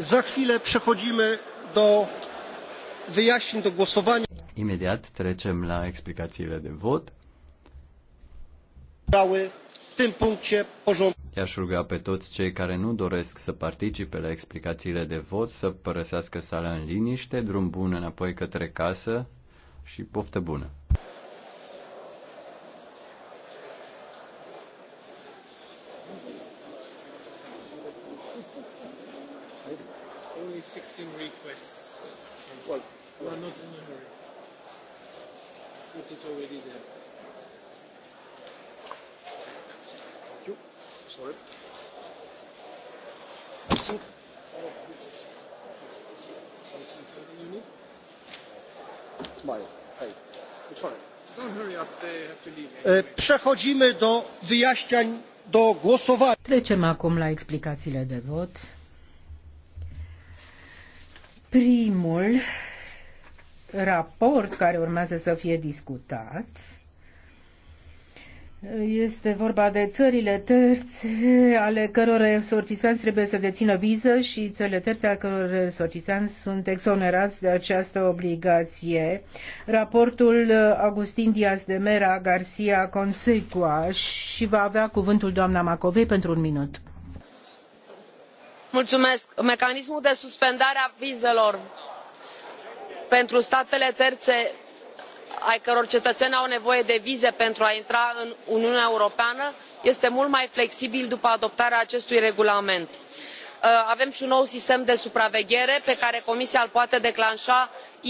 Za chwilę przechodzimy do wyjaśnień, do głosowania. Imediat trecem la explicațiile de vot. I-aș ruga pe toți cei care nu doresc să participe la explicațiile de vot să părăsească sala în liniște, drum bun înapoi către casă și poftă bună. only 16 requests. Well, we are not in a hurry. Put it already there. Thank you. Sorry. I think all of this is Smile. Hey. Sorry. Przechodzimy do wyjaśniań do głosowania. Trecem acum la explicațiile de vot primul raport care urmează să fie discutat este vorba de țările terțe ale căror resortisanți trebuie să dețină viză și țările terțe ale căror resortisanți sunt exonerați de această obligație. Raportul Agustin Diaz de Mera Garcia Consecua și va avea cuvântul doamna Macovei pentru un minut mecanismul de suspendare a vizelor pentru statele terțe ai căror cetățeni au nevoie de vize pentru a intra în uniunea europeană este mult mai flexibil după adoptarea acestui regulament. Uh, avem și un nou sistem de supraveghere pe care comisia îl poate declanșa imediat